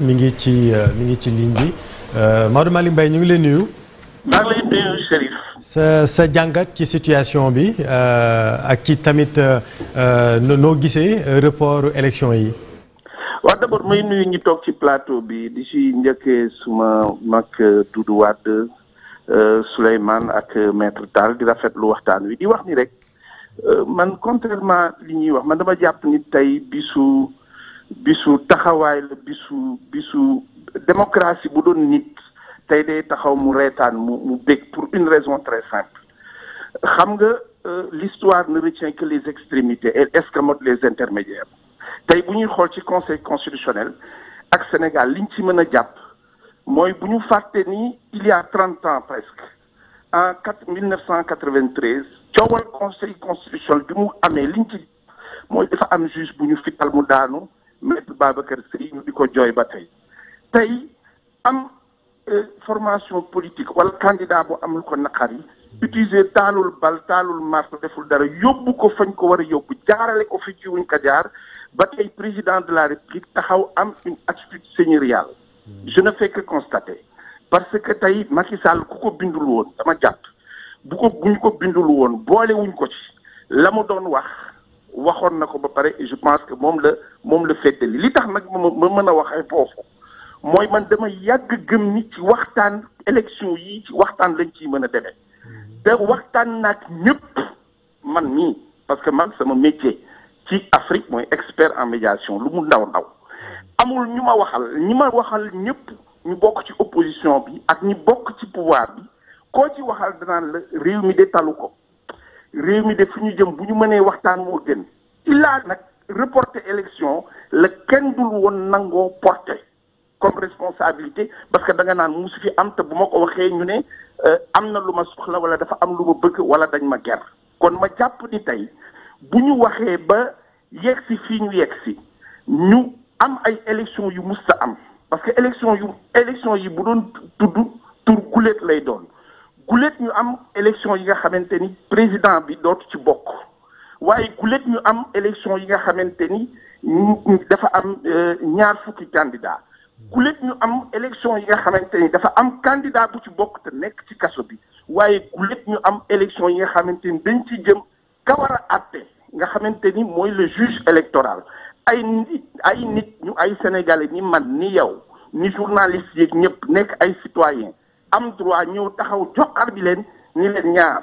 mi ngi ci euh, mi ngi ci ligne bi euh, Maodo Malick Mbaye ñu ngi leen nuyu. maa ngi lay nuyu Chérif. sa sa jàngat ci situation bi euh, ak ci tamit noo gisee report élection yi. waaw d'abord may nuyu ñu toog ci plateau bi di ci njëkkee suma mag Doudou Wade Souleymane ak maître Tall di rafetlu waxtaan wi di wax ni rek man contrairement li ñuy wax man dama jàpp ni tey bisu. bisu taxawaay la bisu bisu démocratie bu doon nit tey day taxaw mu reetaan mu mu bég pour une raison très simple xam nga euh, l'histoire na retient que les extrémités et escamote les intermédiaires tey bu ñuy xool ci conseil constitutionnel ak Sénégal liñ ci mën a jàpp mooy bu ñu fàtte ni il y a trente ans presque en quatre mille neuf cent quatre-vingt-treize coowal conseil bi mu amee liñ ci mooy dafa am juge bu ñu fital mu daanu maître Babacar Sèye ñu di ko jooy ba tey tey am euh, formation politique wala candidat bu amul ko naqar yi utiliser taalul bal taalul marto deful dara yóbbu ko fañ ko war a yóbbu jaarale ko fi ci wuñ ko jaar ba tey président de la république taxaw am une attitude seigneuriale hmm. je ne fekk que constater parce que tey Macky Sall ku ko bindul woon dama jàpp bu ko buñ ko bindul woon boolewuñ ko ci la mu doon wax waxoon na ko ba pare et je pense que moom la moom la féetali li tax nag ma mën a waxee foofu mooy man dama yàgg gëm ni ci waxtaan élection yi ci waxtaan lañ ci mën a demee mhm. te waxtaan naag ñëpp man mii parce que man sama métier ci Afrique mooy expert en médiation lu mu ndaw ndaw amul ñu ma waxal ñu ma waxal ñëpp ñu bokk ci opposition bi ak ñi bokk ci pouvoir bi koo ci waxal danaan la réew mi de talu ko réew mi de fi ñu jëm bu ñu mënee waxtaan moo gën illaa nag reporter élection la kenn dul woon nangoo porter comme responsabilité parce que da nga naan musu fi am te bu ma ko waxee ñu ne euh, am na lu ma soxla wala dafa am lu ma bëgg wala dañ ma ger kon ma jàpp ni tey bu ñu waxee ba yegg si fii ñu yegg si ñu am ay élection yu mus a am parce que élection yu élection yi bu doon tudd tur guléet lay doon gulet ñu am élection yi nga xamante ni président bi dootu ci bokk waaye gulet ñu am élection yi nga xamante ni dafa am euh, ñaar fukki candidat gulet ñu am élection yi nga xamante ni dafa am candidat bu ci bokk te nekk ci kaso bi waaye gulet ñu am élection yi nga xamante ni dañ ci jëm ka war a nga xamante ni mooy le juge électoral ay nit ñu ay sénégalais ni man ni yow ni journaliste yeeg ñëpp nekk ay citoyen am droit ñëw taxaw joxar bi leen ni leen ñaar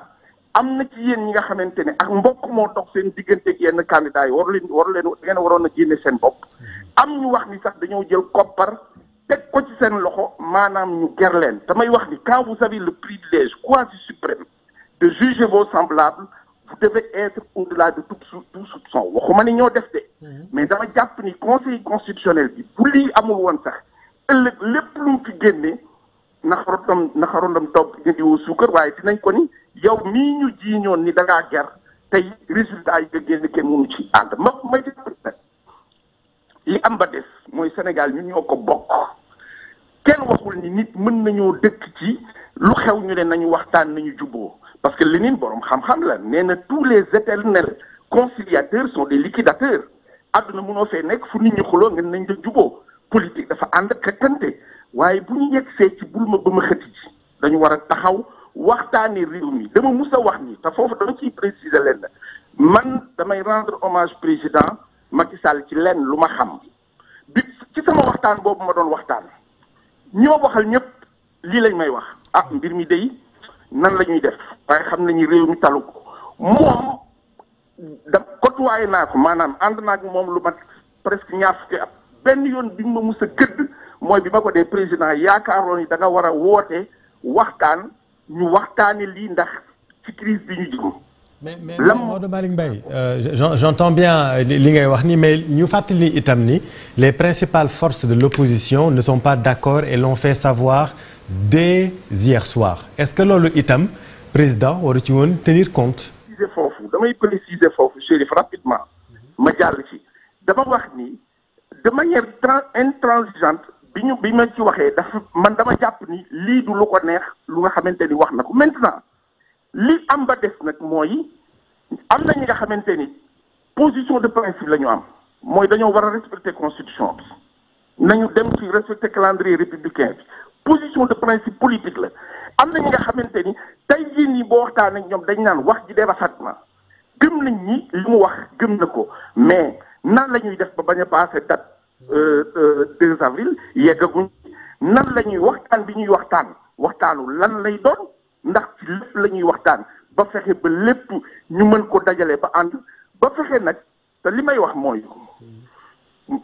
am na ci yéen ñi nga xamante ne ak mbokk moo dox seen diggante ak yenn candidat yi waru leen waru leen da ngeen waroon a génne seen bopp am ñu wax ni sax dañoo jël koppar teg ko ci seen loxo maanaam ñu ger leen damay wax ni quand vous avez le privilège quasi suprême de juger vos semblables vous devez être au-delà de tout tout soupçon waxuma ni ñoo def de mhm. mais dama jàpp ni conseil constitutionnel bi bu lii amul woon sax lépp lu mu fi génne naxarondam naxarondam toog jëndi woo suukar waaye dinañ ko ni yow mii ñu jiiñoon ni da ngaa ger tey résultat yi nga génn kenn mënu ci ànd ma may li am ba des mooy Sénégal ñu ñoo ko bokk kenn waxul ni nit mën nañoo dëkk ci lu xew ñu ne nañu waxtaan nañu juboo parce que Lénine boroom xam-xam la nee na tous les éternels conciliateurs sont des liquidateurs àdduna noo fee nekk fu nit ñi xuloo ngeen nañ da juboo politique dafa ànd ak waaye bu ñu yegg see ci bul ma ba ma xëti dañu war a taxaw waxtaanee réew mi dama mus a wax nii te foofu dama ciy préciser leen man damay rendre hommage président Macky Sall ci lenn lu ma xam bi ci sama waxtaan boobu ma doon waxtaan ñoo ma waxal ñëpp lii lañ may wax ah mbir mi dey nan la ñuy def waaye xam nañu réew mi talu ko moom da kotuwaay naa ko maanaam ànd naa ak moom lu mat presque ñaar fukki at benn yoon bi ma mus a gëdd mooy bi ma ko dee président yaakaaroon ni da nga war a woote waxtaan ñu waxtaanee lii ndax ci crise bi ñu jëm. mais mais Maodo Malick Mbaye euh, j'entends bien euh, li ngay wax ni mais ñu fàttali itam ni les principales forces de l'opposition ne sont pas d'accord et l'ont fait savoir dès hier soir est-ce que loolu itam président waru ci woon tenir compte. préciser foofu damay préciser ma jàll ci dama wax ni de manière intransigeante bi ñu bi ma ci waxee dafa man dama jàpp ni lii du lu ko neex lu nga xamante ni wax na ko maintenant li am ba des nag mooy am na ñi nga xamante ni position de principe la ñu am mooy dañoo war a respecter constitution bi nañu dem ci respecter calendrier républicain bi position de principe politique la am na ñi nga xamante ni tey jii nii boo waxtaan ak ñoom dañ naan wax ji débasat na gëm nañ ni li mu wax gëm na ko mais nan lañuy ñuy def ba bañ a passé Euh, euh, deux avril yeggaguñ nan la ñuy waxtaan bi ñuy waxtaan waxtaanu lan lay doon ndax ci lépp la ñuy waxtaan ba fexe ba lépp ñu mën ko dajale ba ànd ba fexe nag te li may wax mooy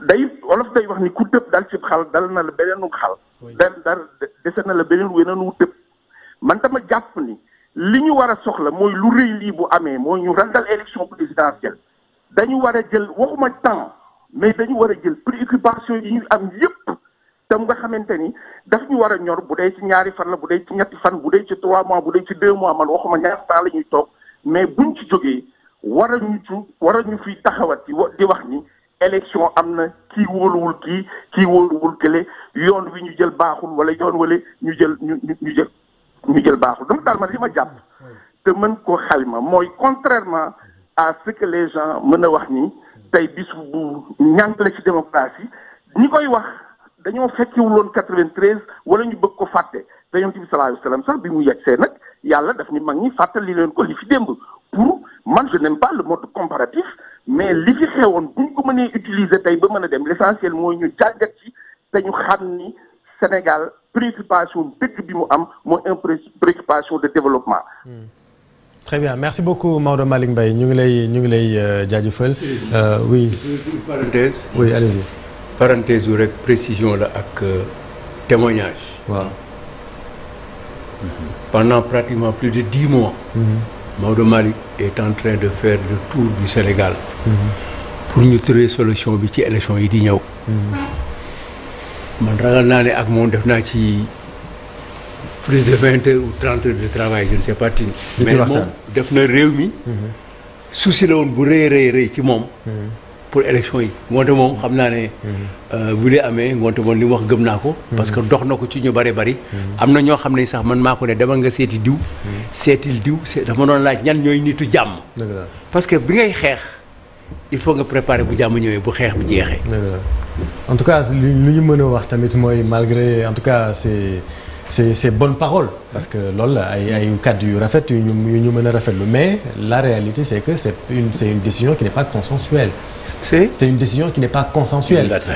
day olof day wax ni ku dëpp dal ci xal dal na la beneenu xal dal dal dese na la beneen weneenu tëb man dama jàpp ni li ñu war a soxla mooy lu rëy lii bu amee mooy ñu randal élection présidentielle dañu war jël waxuma temps mais dañu war a jël préoccupation yi ñu am yépp tam nga xamante ni daf ñu war a ñor bu dee ci ñaari fan la bu dee ci ñetti fan bu dee ci trois mois bu dee ci deux mois man waxuma ñaar temps la ñuy toog mais buñ ci jógee war a ñu ci war a ñu fiy taxawat di wax ni élection am na kii wóoluwul kii kii wóoluwul kële yoon wi ñu jël baaxul wala yoon wala ñu jël ñu ñu jël ñu jël baaxul dama daal man li ma jàpp te mën ko xalma mooy contrairement à ce que mën a wax ni tey bis bu ñànk la ci démocratie ñi koy wax dañoo fekkiwuloon quatre-vingt-treize wala ñu bëgg ko fàtte te yonent bi sallallahu alayhi sax bi mu yegsee nag yàlla daf ni mag ñi fàttali leen ko li fi démb pour man je n'aime pas le mode comparatif mais li fi xewoon buñ ko mënee utiliser tey ba mën a dem l'essentiel mooy ñu jàngat ci te ñu xam ni Sénégal préoccupation dëgg bi mu am mooy un préoccupation de développement hmm. très bien merci beaucoup Maodo malik Mbaye ñu ngi lay ñu ngi lay euh, jaajëfal. Euh, oui. parenthèse. oui allez-y. parenthèse yu rek précision la ak euh, témoignage. waaw. Mhm. pendant pratiquement plus de dix mois. Mhm. Maodo Malick est en train de faire le tour du Sénégal. Mhm. pour ñu trouver solution bi ci élection yi di ñëw. man ragal naa ne ak moom def naa ci. plus de vingt heures ou trente heures mais moom def na réew mi souci la woon bu rëy rëy rëy ci moom pour élection yi ngoonte moom xam naa ne euh, bu dee amee ngoonte moom li mu wax gëm naa ko parce que dox na ko ci ñu bari bari am na ñoo xam ne sax man maa ko ne demal nga seeti diw seetil diw dafa ma doon laaj ñan ñooy nitu jàmm parce que bi ngay xeex il faut nga préparer bu jàmm ñëwee bu xeex bi jeexee en tout cas lu ñu mën wax tamit mooy malgré en c'est bonne parole parce que loolu la ay a rafetlu une décision qui n'est pas consensuelle. c'est une décision qui n'est pas consensuelle. c'est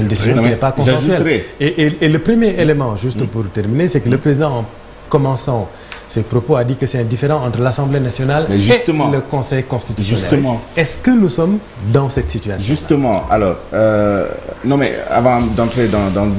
une décision qui n'est pas consensuelle. et le premier élément pour terminer c'est que le président en commençant ses propos a dit que c'est indifférent entre l'Assemblée nationale et le Conseil constitutionnel. Est-ce que nous sommes dans cette situation euh, non mais avant d'entrer dans dans le